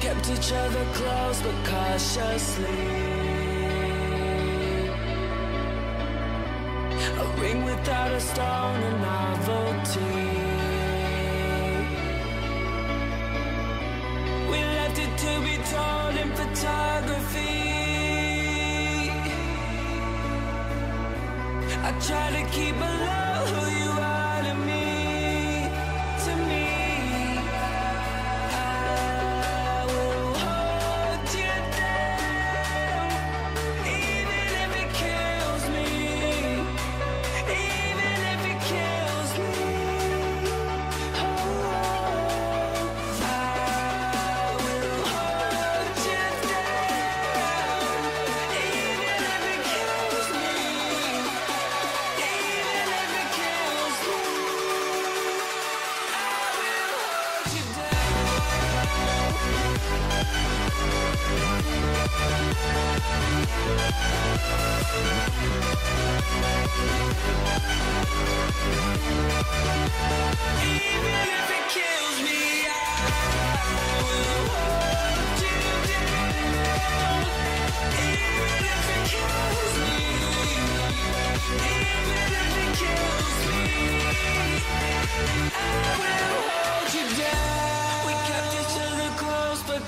Kept each other close but cautiously A ring without a stone, a novelty We left it to be told in photography I try to keep alive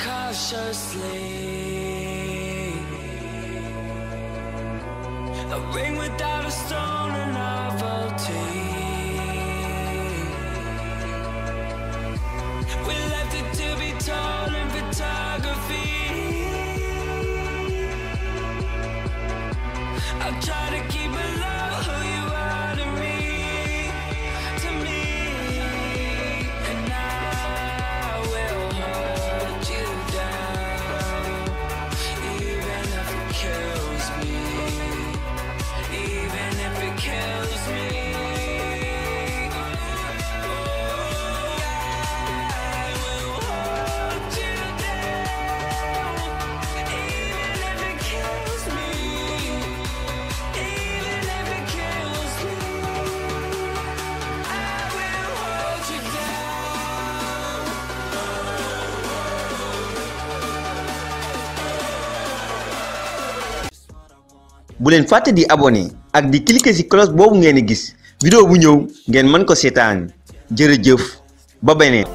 cautiously. A ring without a stone, a novelty. We left it to be told in photography. i bu leen fàtte di abonné ak di cliquer ci cloche boobu ngeen di gis vidéo bu ñëw ngeen mën ko seetaan jërëjëf ba beneen